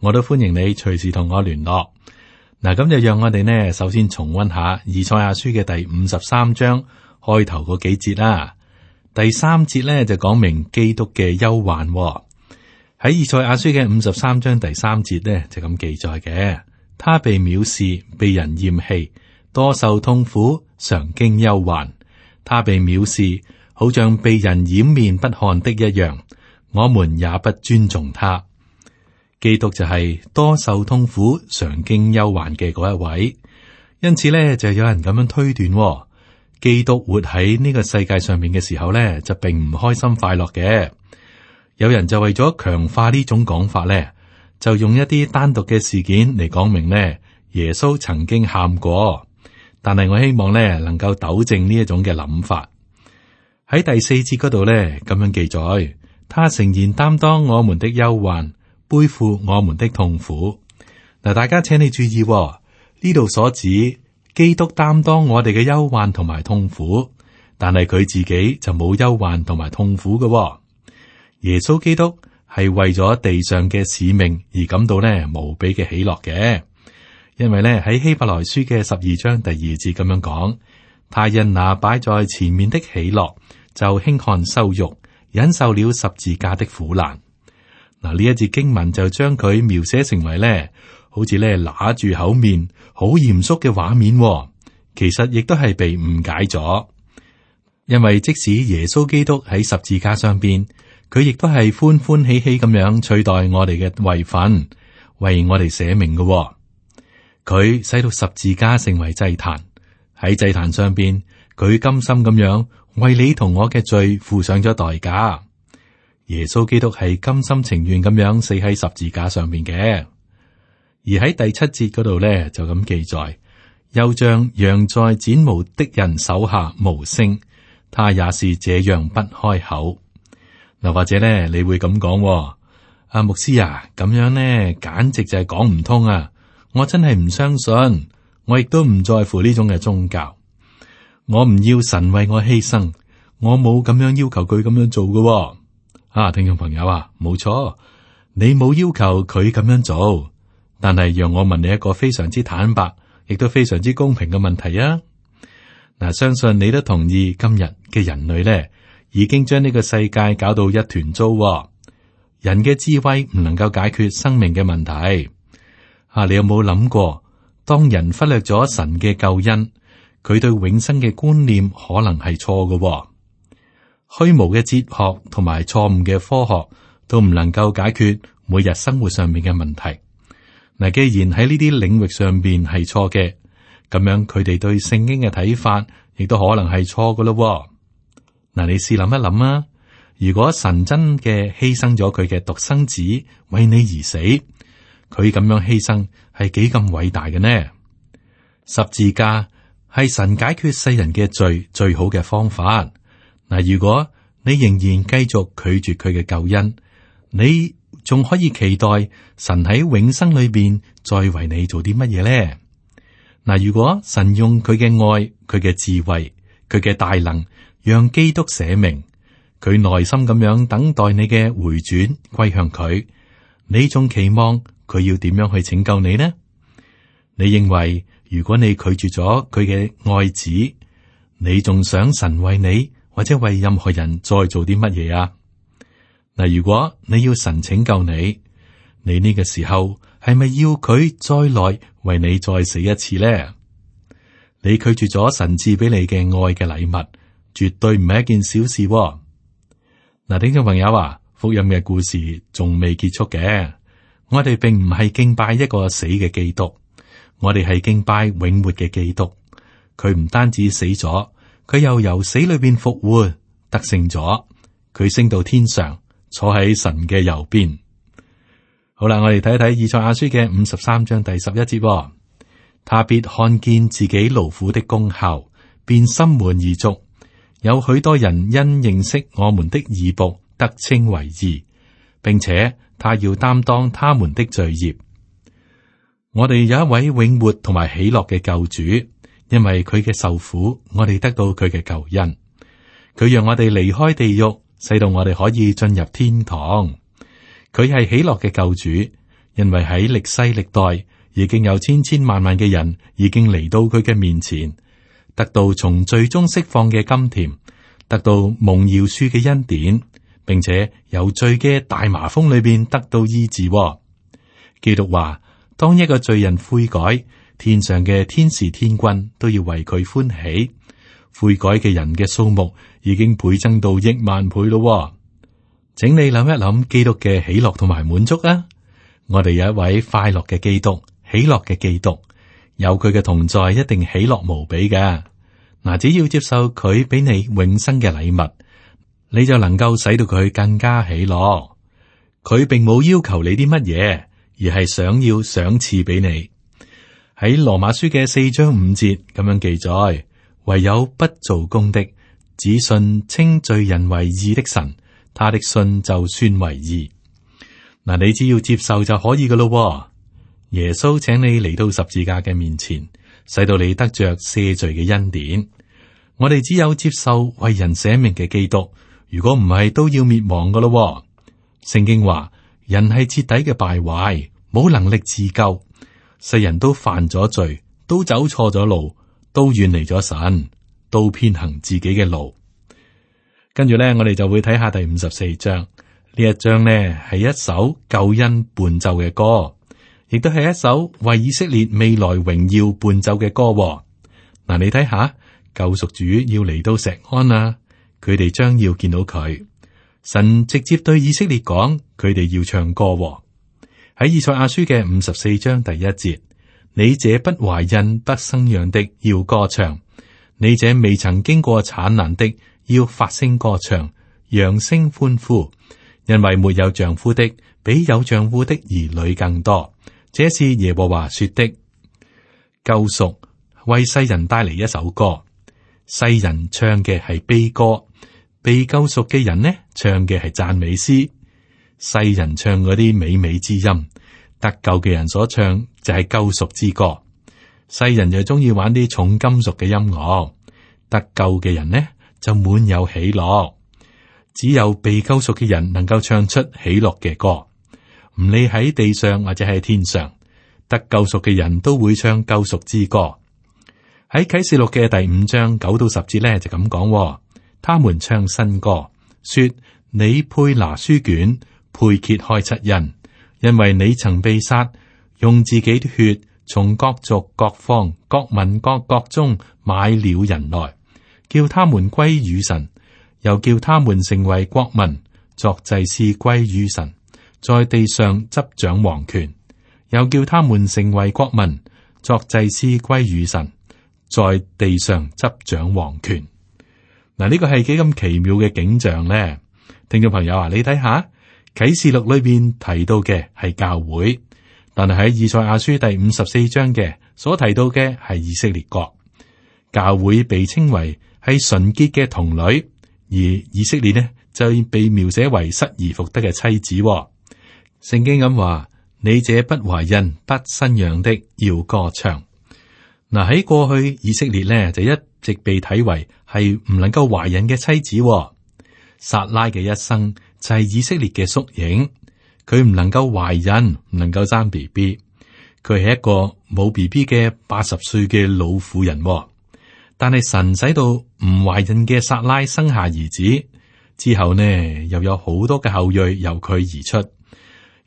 我都歡迎你隨時同我聯絡。嗱，咁就讓我哋呢，首先重温下以賽亞書嘅第五十三章開頭嗰幾節啦。第三節呢就講明基督嘅憂患，喺以賽亞書嘅五十三章第三節呢，就咁記載嘅。他被藐視，被人厭棄，多受痛苦，常經憂患。他被藐視，好像被人掩面不看的一樣，我們也不尊重他。基督就係多受痛苦、常經憂患嘅嗰一位，因此咧就有人咁樣推斷，哦，基督活喺呢個世界上面嘅時候咧就並唔開心快樂嘅。有人就為咗強化呢種講法咧，就用一啲單獨嘅事件嚟講明咧耶穌曾經喊過。但係我希望咧能夠糾正呢一種嘅諗法，喺第四節嗰度咧咁樣記載，他誠然擔當我們的憂患。背負我們的痛苦，嗱，大家請你注意、哦，呢度所指基督擔當我哋嘅憂患同埋痛苦，但係佢自己就冇憂患同埋痛苦嘅、哦。耶穌基督係為咗地上嘅使命而感到呢無比嘅喜樂嘅，因為呢喺希伯來書嘅十二章第二節咁樣講，他因那、啊、擺在前面的喜樂，就輕看羞辱，忍受了十字架的苦難。嗱，呢一節經文就將佢描寫成為咧，好似咧拿住口面，好嚴肅嘅畫面、哦。其實亦都係被誤解咗，因為即使耶穌基督喺十字架上邊，佢亦都係歡歡喜喜咁樣取代我哋嘅位份，為我哋寫明嘅、哦。佢使到十字架成為祭壇，喺祭壇上邊，佢甘心咁樣為你同我嘅罪付上咗代價。耶穌基督係甘心情願咁樣死喺十字架上面嘅。而喺第七節嗰度咧，就咁記載：又像羊在剪毛的人手下無聲，他也是這樣不開口嗱。或者咧，你會咁講阿牧師啊？咁樣呢，簡直就係講唔通啊！我真係唔相信，我亦都唔在乎呢種嘅宗教。我唔要神為我犧牲，我冇咁樣要求佢咁樣做噶喎。啊，聽眾朋友啊，冇錯，你冇要求佢咁樣做，但係讓我問你一個非常之坦白，亦都非常之公平嘅問題啊！嗱、啊，相信你都同意，今日嘅人類咧，已經將呢個世界搞到一團糟、哦。人嘅智慧唔能夠解決生命嘅問題。啊，你有冇諗過，當人忽略咗神嘅救恩，佢對永生嘅觀念可能係錯嘅、哦？虛無嘅哲學同埋錯誤嘅科學都唔能夠解決每日生活上面嘅問題。嗱，既然喺呢啲領域上面係錯嘅，咁樣佢哋對聖經嘅睇法亦都可能係錯㗎咯。嗱、啊，你試諗一諗啊！如果神真嘅犧牲咗佢嘅獨生子為你而死，佢咁樣犧牲係幾咁偉大嘅呢？十字架係神解決世人嘅罪最好嘅方法。嗱，如果你仍然繼續拒絕佢嘅救恩，你仲可以期待神喺永生裏邊再為你做啲乜嘢呢？嗱，如果神用佢嘅愛、佢嘅智慧、佢嘅大能，讓基督寫明佢內心咁樣等待你嘅回轉歸向佢，你仲期望佢要點樣去拯救你呢？你認為如果你拒絕咗佢嘅愛子，你仲想神為你？或者為任何人再做啲乜嘢啊？嗱，如果你要神拯救你，你呢個時候係咪要佢再來為你再死一次呢？你拒絕咗神賜俾你嘅愛嘅禮物，絕對唔係一件小事。嗱，啊，聽眾朋友啊，福音嘅故事仲未結束嘅，我哋並唔係敬拜一個死嘅基督，我哋係敬拜永活嘅基督，佢唔單止死咗。佢又由死裏邊復活，得勝咗。佢升到天上，坐喺神嘅右邊。好啦，我哋睇睇《以賽亞書》嘅五十三章第十一節、哦：，他必看見自己勞苦的功效，便心滿意足。有許多人因認識我們的義僕，得稱為義，並且他要擔當他們的罪業。我哋有一位永活同埋喜樂嘅救主。因為佢嘅受苦，我哋得到佢嘅救恩；佢讓我哋離開地獄，使到我哋可以進入天堂。佢係喜樂嘅救主，因為喺歷世歷代，已經有千千萬萬嘅人已經嚟到佢嘅面前，得到從最終釋放嘅甘甜，得到蒙饒恕嘅恩典，並且由罪嘅大麻風裏邊得到醫治，哦。基督話：當一個罪人悔改。天上嘅天使天君都要為佢歡喜，悔改嘅人嘅數目已經倍增到億萬倍咯。請你諗一諗基督嘅喜樂同埋滿足啊。我哋有一位快樂嘅基督，喜樂嘅基督，有佢嘅同在一定喜樂無比嘅。嗱，只要接受佢俾你永生嘅禮物，你就能夠使到佢更加喜樂。佢並冇要求你啲乜嘢，而係想要賞賜俾你。喺羅馬書嘅四章五節咁樣記載，唯有不做工的，只信稱罪人為義的神，他的信就算為義。嗱，你只要接受就可以噶咯。耶穌請你嚟到十字架嘅面前，使到你得着赦罪嘅恩典。我哋只有接受為人捨命嘅基督，如果唔係，都要滅亡噶咯。聖經話，人係徹底嘅敗壞，冇能力自救。世人都犯咗罪，都走錯咗路，都遠離咗神，都偏行自己嘅路。跟住咧，我哋就會睇下第五十四章，呢一章呢，係一首救恩伴奏嘅歌，亦都係一首為以色列未來榮耀伴奏嘅歌、哦。嗱、呃，你睇下，救贖主要嚟到錫安啊，佢哋將要見到佢，神直接對以色列講，佢哋要唱歌、哦。喺以賽亞書嘅五十四章第一節，你這不懷孕不生養的要歌唱，你這未曾經過產難的要發聲歌唱，揚聲歡呼，因為沒有丈夫的比有丈夫的兒女更多。這是耶和華說的。救贖為世人帶嚟一首歌，世人唱嘅係悲歌，被救贖嘅人呢唱嘅係讚美詩。世人唱嗰啲美美之音，得救嘅人所唱就係救贖之歌。世人就中意玩啲重金屬嘅音樂，得救嘅人呢就滿有喜樂。只有被救贖嘅人能夠唱出喜樂嘅歌。唔理喺地上或者喺天上，得救贖嘅人都會唱救贖之歌。喺啟示錄嘅第五章九到十節咧就咁講哦，他們唱新歌，說你配拿書卷。配揭開七人，因為你曾被殺，用自己的血從各族、各方、各民、各國中買了人來，叫他們歸與神，又叫他們成為國民作祭司歸與神，在地上執掌王權；又叫他們成為國民作祭司歸與神，在地上執掌王權。嗱，呢個係幾咁奇妙嘅景象咧？聽眾朋友啊，你睇下。啟示錄裏邊提到嘅係教會，但係喺以賽亞書第五十四章嘅所提到嘅係以色列國。教會被稱為係純潔嘅童女，而以色列呢就被描寫為失而復得嘅妻子，哦。聖經咁話，你這不懷孕、不生養的要歌唱。嗱，喺過去以色列呢就一直被睇為係唔能夠懷孕嘅妻子，哦。撒拉嘅一生就係以色列嘅縮影，佢唔能夠懷孕，唔能夠生 B B，佢係一個冇 B B 嘅八十歲嘅老婦人，哦。但係神使到唔懷孕嘅撒拉生下兒子之後呢，又有好多嘅後裔由佢而出。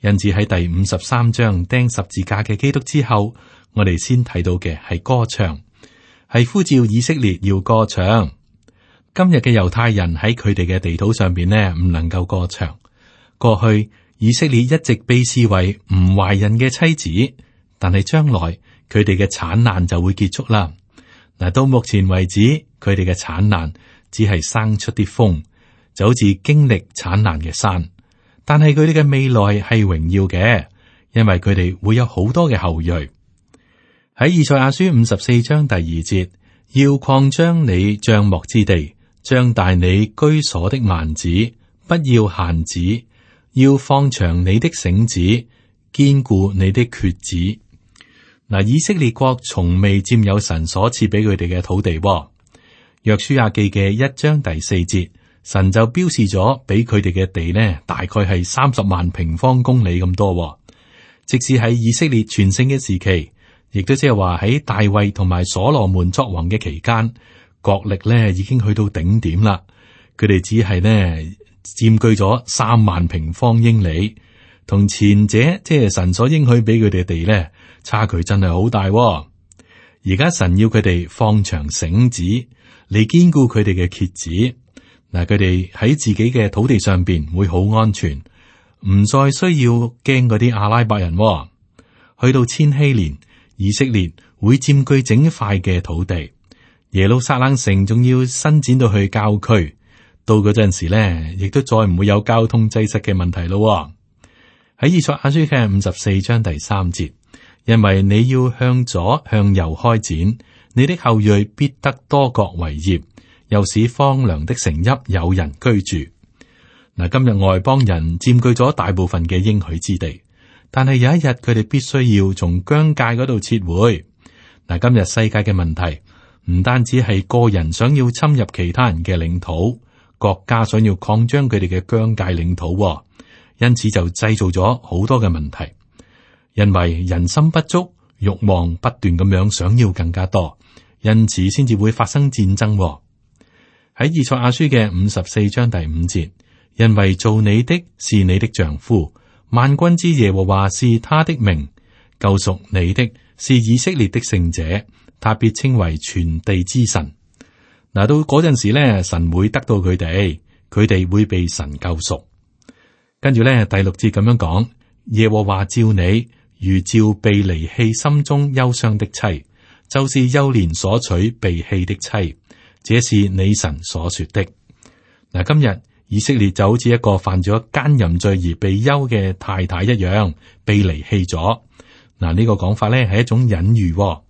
因此喺第五十三章釘十字架嘅基督之後，我哋先睇到嘅係歌唱，係呼召以色列要歌唱。今日嘅猶太人喺佢哋嘅地圖上邊呢，唔能夠過長。過去以色列一直被視為唔懷孕嘅妻子，但係將來佢哋嘅產難就會結束啦。嗱，到目前為止佢哋嘅產難只係生出啲風，就好似經歷產難嘅山。但係佢哋嘅未來係榮耀嘅，因為佢哋會有好多嘅後裔。喺以賽亞書五十四章第二節，要擴張你帳幕之地。張大你居所的幔子，不要限止，要放長你的繩子，堅固你的橛子。嗱，以色列國從未佔有神所賜俾佢哋嘅土地。約書亞記嘅一章第四節，神就標示咗俾佢哋嘅地呢，大概係三十萬平方公里咁多。即使喺以色列全盛嘅時期，亦都即係話喺大衛同埋所羅門作王嘅期間。國力咧，已經去到頂點啦，佢哋只係呢佔據咗三萬平方英里，同前者即係神所應許俾佢哋地咧，差距真係好大喎。而家神要佢哋放長繩子嚟堅固佢哋嘅橛子，嗱，佢哋喺自己嘅土地上邊會好安全，唔再需要驚嗰啲阿拉伯人喎。去到千禧年，以色列會佔據整塊嘅土地。耶路撒冷城仲要伸展到去郊區，到嗰陣時咧，亦都再唔會有交通擠塞嘅問題咯。喺以賽亞書嘅五十四章第三節，因為你要向左向右開展，你的後裔必得多國為業，又使荒涼的城邑有人居住。嗱，今日外邦人佔據咗大部分嘅應許之地，但係有一日佢哋必須要從疆界嗰度撤回。嗱，今日世界嘅問題。唔單止係個人想要侵入其他人嘅領土，國家想要擴張佢哋嘅疆界領土、哦，因此就製造咗好多嘅問題。因為人心不足，欲望不斷咁樣想要更加多，因此先至會發生戰爭、哦。喺以賽亞書嘅五十四章第五節，因為做你的是你的丈夫，萬軍之耶和華是他的名，救贖你的是以色列的聖者。特別稱為全地之神。嗱，到嗰陣時咧，神會得到佢哋，佢哋會被神救贖。跟住咧，第六節咁樣講：耶和華照你如照被離棄、心中憂傷的妻，就是幼年所娶被棄的妻，這是你神所說的。嗱，今日以色列就好似一個犯咗奸淫罪而被休嘅太太一樣被離棄咗。嗱、這個，呢個講法咧係一種隱喻哦。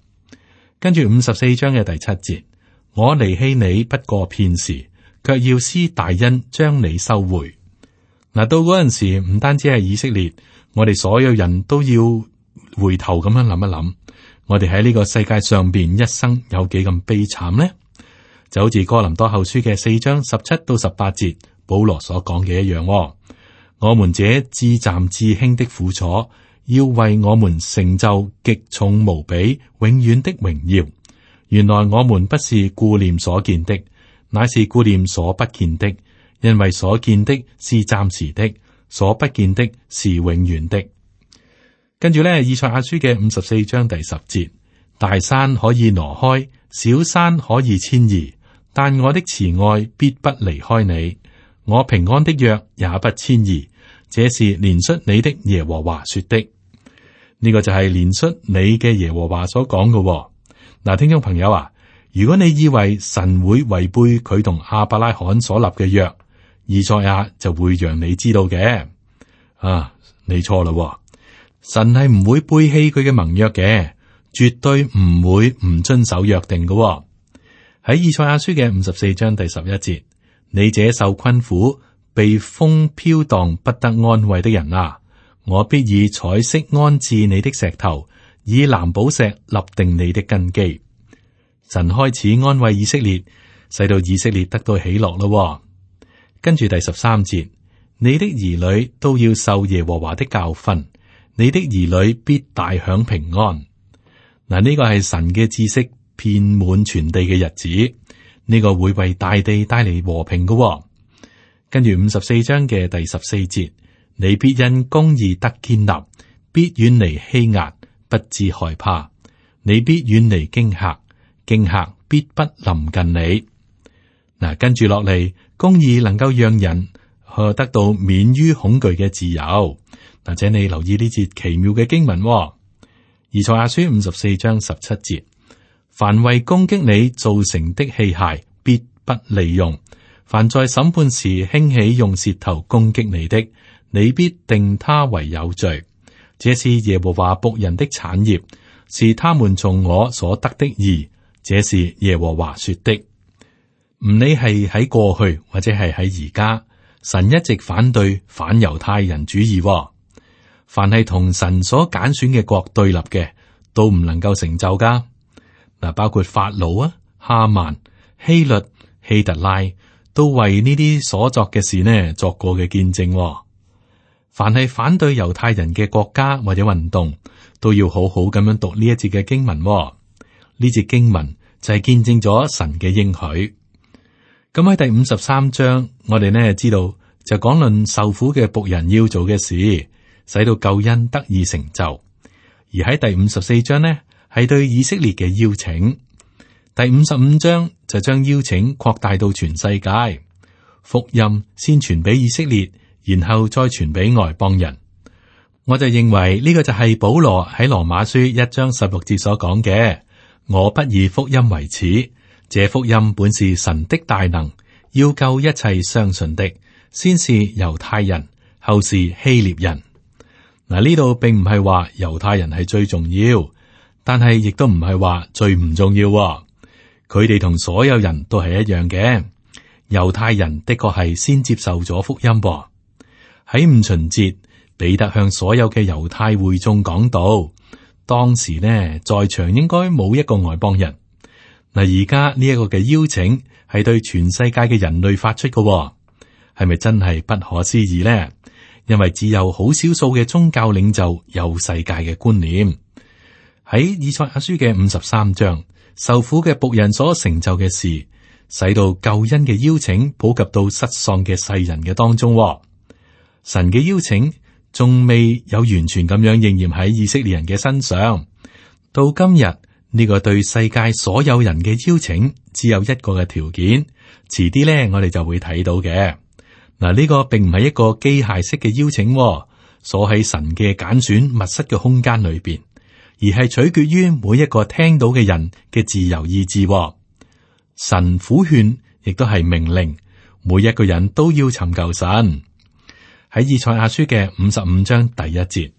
跟住五十四章嘅第七節，我離棄你不過片時，卻要施大恩將你收回。嗱，到嗰陣時，唔單止係以色列，我哋所有人都要回頭咁樣諗一諗，我哋喺呢個世界上面一生有幾咁悲慘呢？就好似哥林多後書嘅四章十七到十八節，保羅所講嘅一樣、哦，我們這至暫至輕的苦楚。要為我們成就極重無比，永遠的榮耀。原來我們不是顧念所見的，乃是顧念所不見的，因為所見的是暫時的，所不見的是永遠的。跟住呢，以賽亞書嘅五十四章第十節：大山可以挪開，小山可以遷移，但我的慈愛必不離開你，我平安的約也不遷移。這是憐恤你的耶和華說的。呢個就係憐恤你嘅耶和華所講嘅、哦，嗱、啊、聽眾朋友啊，如果你以為神會違背佢同亞伯拉罕所立嘅約，以賽亞就會讓你知道嘅，啊，你錯啦、哦，神係唔會背棄佢嘅盟約嘅，絕對唔會唔遵守約定嘅、哦。喺以賽亞書嘅五十四章第十一節，你這受困苦、被風飄蕩、不得安慰的人啊！我必以彩色安置你的石頭，以藍寶石立定你的根基。神開始安慰以色列，使到以色列得到喜樂咯。跟住第十三節，你的兒女都要受耶和華的教訓，你的兒女必大享平安。嗱，呢個係神嘅知識遍滿全地嘅日子，呢個會為大地帶嚟和平嘅。跟住五十四章嘅第十四節。你必因公義得建立，必遠離欺壓，不致害怕。你必遠離驚嚇，驚嚇必不臨近你。嗱、啊，跟住落嚟，公義能夠讓人去得到免於恐懼嘅自由。嗱、啊，請你留意呢節奇妙嘅經文，哦，以賽亞書五十四章十七節，凡為攻擊你造成的器械，必不利用；凡在審判時興起用舌頭攻擊你的。你必定他為有罪，這是耶和華僕人的產業，是他們從我所得的義，這是耶和華說的。唔理係喺過去或者係喺而家，神一直反對反猶太人主義。凡係同神所揀選嘅國對立嘅，都唔能夠成就嘅。嗱，包括法老啊、哈曼、希律、希特拉，都為呢啲所作嘅事呢作過嘅見證。凡係反對猶太人嘅國家或者運動，都要好好咁樣讀呢一節嘅經文哦。呢節經文就係見證咗神嘅應許。咁喺第五十三章，我哋呢知道就講論受苦嘅僕人要做嘅事，使到救恩得以成就。而喺第五十四章呢，係對以色列嘅邀請。第五十五章就將邀請擴大到全世界，福音先傳俾以色列，然後再傳俾外邦人，我就認為呢、這個就係保羅喺羅馬書一章十六節所講嘅。我不以福音為恥，這福音本是神的大能，要救一切相信的，先是猶太人，後是希臘人。嗱、啊，呢度並唔係話猶太人係最重要，但係亦都唔係話最唔重要，哦。佢哋同所有人都係一樣嘅。猶太人的確係先接受咗福音，哦。喺五旬節，彼得向所有嘅猶太會眾講道。當時呢，在場應該冇一個外邦人。嗱，而家呢一個嘅邀請係對全世界嘅人類發出嘅哦，係咪真係不可思議呢？因為只有好少數嘅宗教領袖有世界嘅觀念。喺以賽亞書嘅五十三章，受苦嘅僕人所成就嘅事，使到救恩嘅邀請普及到失喪嘅世人嘅當中哦。神嘅邀請仲未有完全咁樣應驗喺以色列人嘅身上。到今日，呢個對世界所有人嘅邀請，只有一個嘅條件。遲啲呢，我哋就會睇到嘅嗱。呢個並唔係一個機械式嘅邀請，鎖喺神嘅揀選密室嘅空間裏邊，而係取決於每一個聽到嘅人嘅自由意志。神苦勸亦都係命令，每一個人都要尋求神。喺以賽亞書嘅五十五章第一節，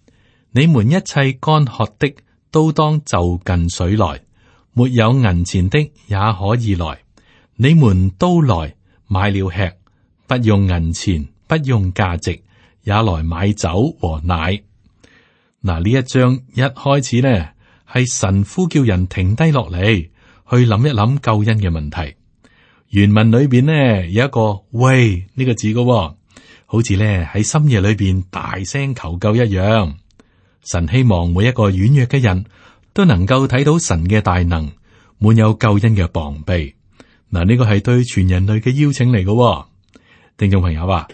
你們一切乾渴的都當就近水來，沒有銀錢的也可以來。你們都來買了吃，不用銀錢，不用價值，也來買酒和奶。嗱呢一章一開始呢，係神呼叫人停低落嚟去諗一諗救恩嘅問題。原文裏邊呢，有一個喂呢、這個字嘅、哦。好似咧喺深夜裏邊大聲求救一樣，神希望每一個軟弱嘅人都能夠睇到神嘅大能，滿有救恩嘅防備。嗱，呢個係對全人類嘅邀請嚟嘅喎。聽眾朋友話，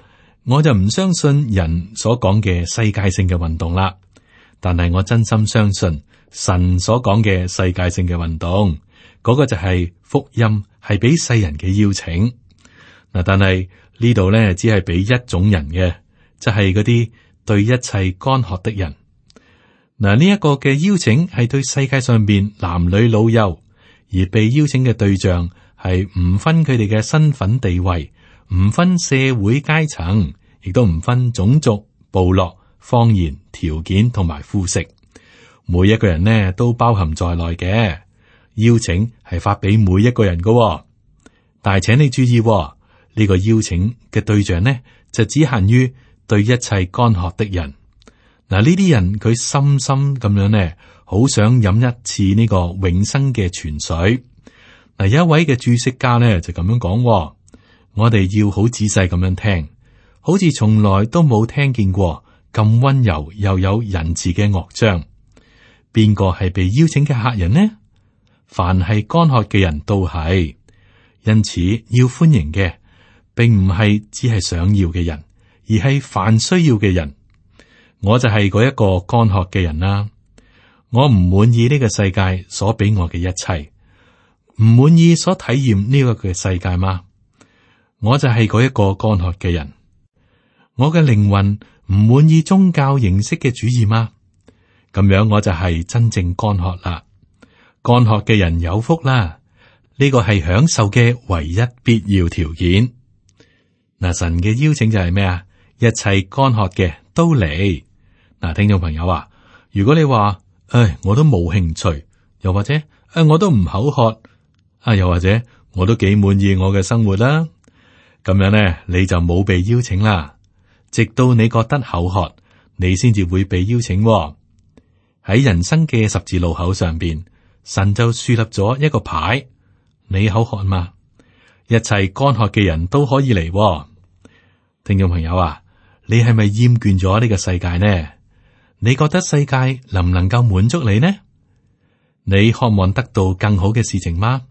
我就唔相信人所講嘅世界性嘅運動啦，但係我真心相信神所講嘅世界性嘅運動，嗰個就係福音，係俾世人嘅邀請。嗱，但係。呢度呢，只係俾一種人嘅，即係嗰啲對一切乾渴的人。嗱，呢一個嘅邀請係對世界上邊男女老幼，而被邀請嘅對象係唔分佢哋嘅身份地位，唔分社會階層，亦都唔分種族、部落、方言、條件同埋膚色。每一個人呢，都包含在內嘅。邀請係發俾每一個人嘅喎，但係請你注意喎。呢個邀請嘅對象呢，就只限於對一切乾渴的人嗱。呢啲人佢深深咁樣呢，好想飲一次呢個永生嘅泉水嗱。有一位嘅注釋家呢就咁樣講、哦：我哋要好仔細咁樣聽，好似從來都冇聽見過咁温柔又有仁慈嘅樂章。邊個係被邀請嘅客人呢？凡係乾渴嘅人都係，因此要歡迎嘅。並唔係只係想要嘅人，而係凡需要嘅人。我就係嗰一個乾渴嘅人啦。我唔滿意呢個世界所俾我嘅一切，唔滿意所體驗呢個嘅世界嗎？我就係嗰一個乾渴嘅人。我嘅靈魂唔滿意宗教形式嘅主義嗎？咁樣我就係真正乾渴啦。乾渴嘅人有福啦。呢個係享受嘅唯一必要條件。嗱，神嘅邀請就係咩啊？一切乾渴嘅都嚟。嗱，聽眾朋友啊，如果你話，唉，我都冇興趣，又或者，唉，我都唔口渴，啊，又或者，我都幾滿意我嘅生活啦、啊。咁樣咧，你就冇被邀請啦。直到你覺得口渴，你先至會被邀請、啊。喺人生嘅十字路口上邊，神就樹立咗一個牌：「你口渴嘛？」一切乾渴嘅人都可以嚟。哦，聽眾朋友啊，你係咪厭倦咗呢個世界呢？你覺得世界能唔能夠滿足你呢？你渴望得到更好嘅事情嗎？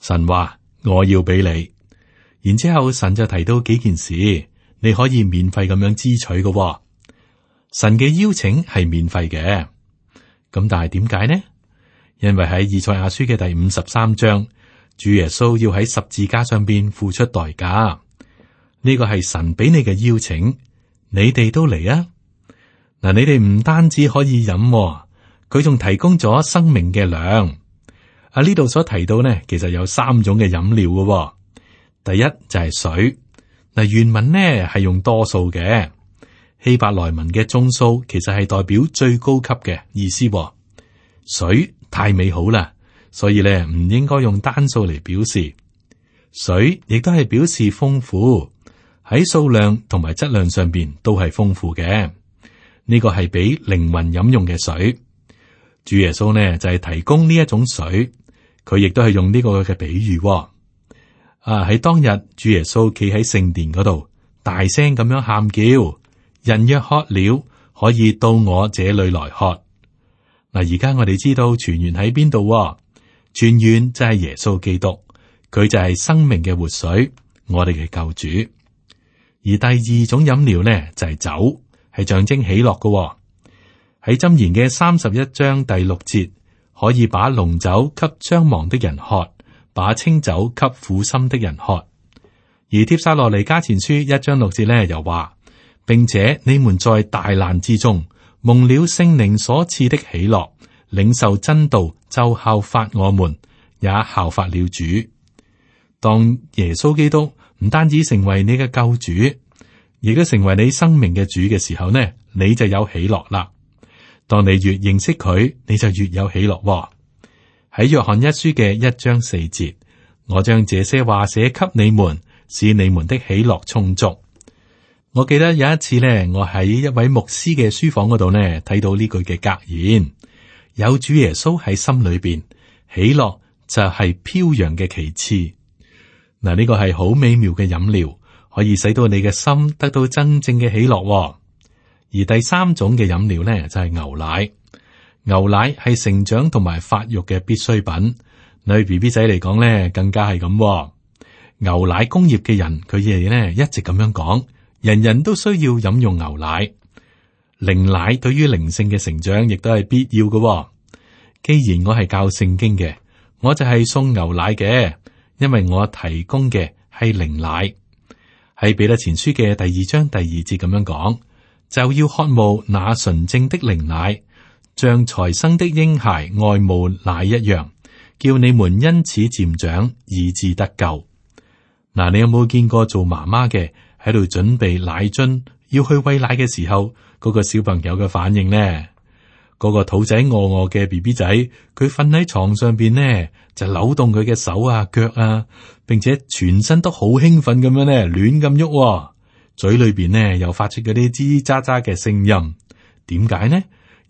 神話我要俾你，然之後神就提到幾件事，你可以免費咁樣支取嘅。哦，神嘅邀請係免費嘅，咁但係點解呢？因為喺以賽亞書嘅第五十三章。主耶穌要喺十字架上邊付出代價，呢個係神俾你嘅邀請，你哋都嚟啊！嗱，你哋唔單止可以飲，佢仲提供咗生命嘅糧。啊，呢度所提到呢，其實有三種嘅飲料嘅。第一就係水。嗱，原文呢係用多數嘅希伯來文嘅中數，其實係代表最高級嘅意思。水太美好啦。所以咧，唔應該用單數嚟表示水，亦都係表示豐富喺數量同埋質量上邊都係豐富嘅。呢、這個係俾靈魂飲用嘅水。主耶穌呢，就係、是、提供呢一種水，佢亦都係用呢個嘅比喻、哦。啊，喺當日主耶穌企喺聖殿嗰度，大聲咁樣喊叫：人若渴了，可以到我這裏來喝。嗱、啊，而家我哋知道泉源喺邊度。泉源就係耶穌基督，佢就係生命嘅活水，我哋嘅救主。而第二種飲料呢，就係、是、酒，係象徵喜樂嘅、哦。喺《箴言》嘅三十一章第六節，可以把濃酒給將亡的人喝，把清酒給苦心的人喝。而《帖撒羅尼迦前書》一章六節呢，又話，並且你們在大難之中，蒙了聖靈所賜的喜樂。領受真道就效法我們，也效法了主。當耶穌基督唔單止成為你嘅救主，亦都成為你生命嘅主嘅時候呢，你就有喜樂啦。當你越認識佢，你就越有喜樂。喺約翰一書嘅一章四節，我將這些話寫給你們，使你們的喜樂充足。我記得有一次呢，我喺一位牧師嘅書房嗰度呢，睇到呢句嘅格言。有主耶穌喺心裏邊，喜樂就係飄揚嘅旗幟。嗱，呢個係好美妙嘅飲料，可以使到你嘅心得到真正嘅喜樂。而第三種嘅飲料咧，就係、是、牛奶。牛奶係成長同埋發育嘅必需品，女 B B 仔嚟講咧，更加係咁、哦。牛奶工業嘅人，佢哋咧一直咁樣講，人人都需要飲用牛奶。靈奶對於靈性嘅成長亦都係必要嘅，哦。既然我係教聖經嘅，我就係送牛奶嘅，因為我提供嘅係靈奶。喺彼得前書嘅第二章第二節咁樣講，就要渴慕那純正的靈奶，像才生的嬰孩愛慕奶一樣，叫你們因此漸長，以致得救。嗱，你有冇見過做媽媽嘅喺度準備奶樽，要去餵奶嘅時候？嗰個小朋友嘅反應咧，嗰、那個肚仔餓餓嘅 B B 仔，佢瞓喺床上邊呢，就扭動佢嘅手啊、腳啊，並且全身都好興奮咁樣咧，亂咁喐，嘴裏邊呢又發出嗰啲吱吱喳喳嘅聲音。點解呢？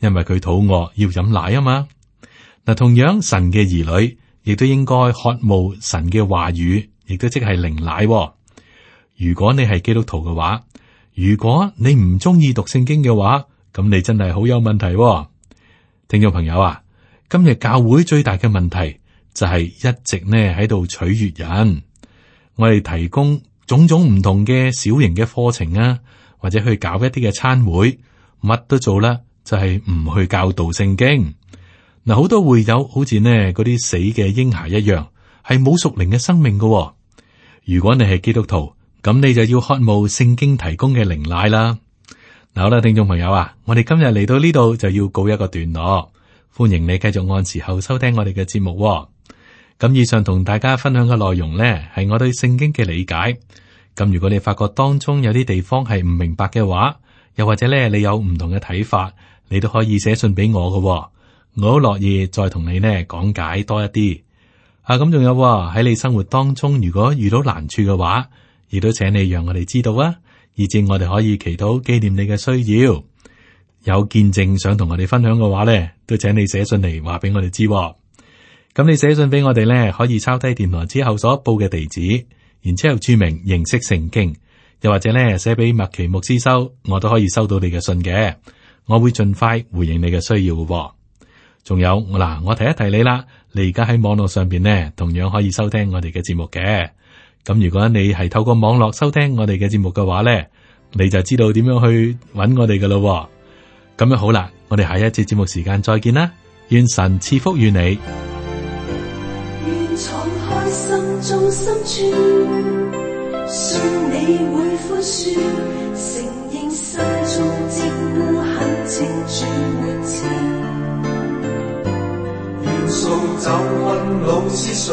因為佢肚餓要飲奶啊嘛。嗱，同樣神嘅兒女亦都應該渴慕神嘅話語，亦都即係靈奶喎。如果你係基督徒嘅話。如果你唔中意讀聖經嘅話，咁你真係好有問題。哦，聽眾朋友啊，今日教會最大嘅問題就係一直呢喺度取悅人，我哋提供種種唔同嘅小型嘅課程啊，或者去搞一啲嘅餐會，乜都做啦，就係、是、唔去教導聖經。嗱，好多會友好似呢嗰啲死嘅嬰孩一樣，係冇屬靈嘅生命嘅。哦。如果你係基督徒，咁你就要渴慕聖經提供嘅靈奶啦。嗱，好啦，聽眾朋友啊，我哋今日嚟到呢度就要告一個段落。歡迎你繼續按時候收聽我哋嘅節目哦。咁以上同大家分享嘅內容呢，係我對聖經嘅理解。咁如果你發覺當中有啲地方係唔明白嘅話，又或者呢你有唔同嘅睇法，你都可以寫信俾我嘅哦，我都樂意再同你呢講解多一啲啊。咁仲有喎，喺你生活當中，如果遇到難處嘅話，亦都請你讓我哋知道啊，以至我哋可以祈禱紀念你嘅需要。有見證想同我哋分享嘅話咧，都請你寫信嚟話俾我哋知。咁你寫信俾我哋咧，可以抄低電台之後所報嘅地址，然之後注明認識聖經，又或者咧寫俾麥奇牧師收，我都可以收到你嘅信嘅。我會盡快回應你嘅需要嘅。仲有嗱，我提一提你啦，你而家喺網絡上邊咧，同樣可以收聽我哋嘅節目嘅。咁如果你係透過網絡收聽我哋嘅節目嘅話咧，你就知道點樣去揾我哋嘅咯。咁樣好啦，我哋下一節節目時間再見啦，願神賜福於你。心心中恕心你承情老似水。